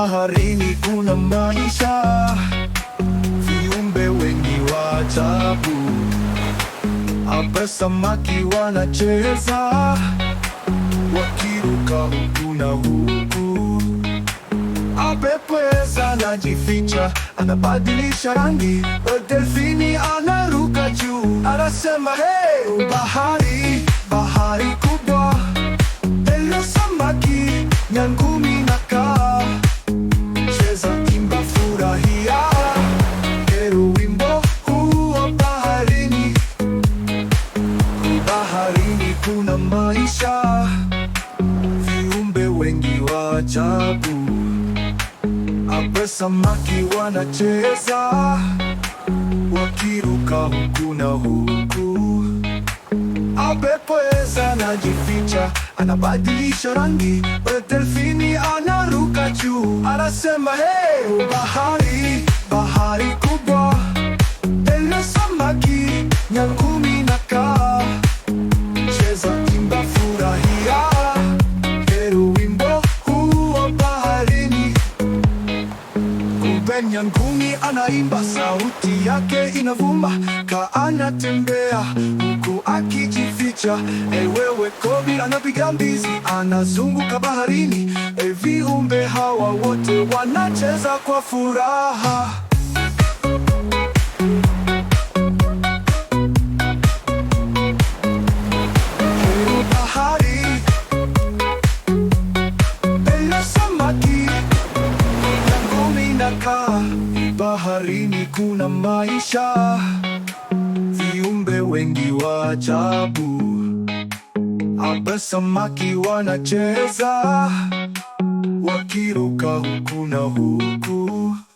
baharini kuna maisha, viumbe wengi wa ajabu. Hapa samaki wanacheza wakiruka huku na huku. Apepweza anajificha, anabadilisha rangi. Delfini anaruka juu, anasema hey, bahari, bahari kubwa, elo samaki nyangu kuna maisha, viumbe wengi wa ajabu. Hapa samaki wanacheza wakiruka huku na huku, apepweza najificha, anabadilisha rangi. Delfini anaruka juu, anasema hey, bahari, bahari kubwa Mnyangumi anaimba, sauti yake inavuma, ka anatembea huku akijificha. wewe kobi anapiga mbizi, anazunguka baharini. E, viumbe hawa wote wanacheza kwa furaha. Baharini kuna maisha, viumbe wengi wa ajabu. Hapa samaki wanacheza, wakiruka huku na huku.